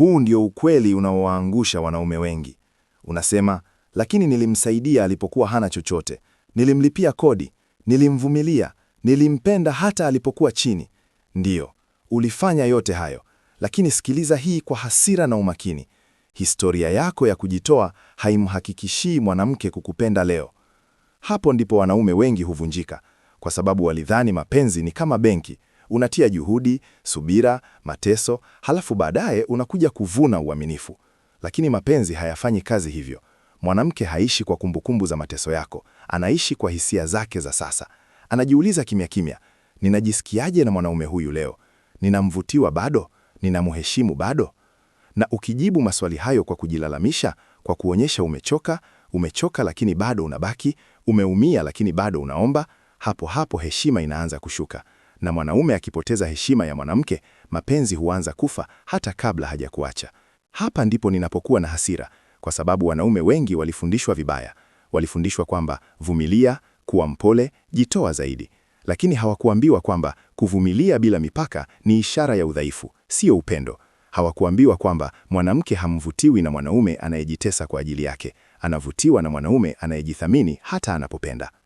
Huu ndio ukweli unaowaangusha wanaume wengi. Unasema, lakini nilimsaidia alipokuwa hana chochote, nilimlipia kodi, nilimvumilia, nilimpenda hata alipokuwa chini. Ndiyo, ulifanya yote hayo, lakini sikiliza hii kwa hasira na umakini. Historia yako ya kujitoa haimhakikishii mwanamke kukupenda leo. Hapo ndipo wanaume wengi huvunjika, kwa sababu walidhani mapenzi ni kama benki unatia juhudi, subira, mateso, halafu baadaye unakuja kuvuna uaminifu. Lakini mapenzi hayafanyi kazi hivyo. Mwanamke haishi kwa kumbukumbu za mateso yako, anaishi kwa hisia zake za sasa. Anajiuliza kimya kimya, ninajisikiaje na mwanaume huyu leo? Ninamvutiwa bado? Ninamheshimu bado? Na ukijibu maswali hayo kwa kujilalamisha, kwa kuonyesha umechoka, umechoka lakini bado unabaki, umeumia lakini bado unaomba, hapo hapo heshima inaanza kushuka na mwanaume akipoteza heshima ya mwanamke, mapenzi huanza kufa hata kabla hajakuacha. Hapa ndipo ninapokuwa na hasira, kwa sababu wanaume wengi walifundishwa vibaya. Walifundishwa kwamba vumilia, kuwa mpole, jitoa zaidi, lakini hawakuambiwa kwamba kuvumilia bila mipaka ni ishara ya udhaifu, sio upendo. Hawakuambiwa kwamba mwanamke hamvutiwi na mwanaume anayejitesa kwa ajili yake, anavutiwa na mwanaume anayejithamini hata anapopenda.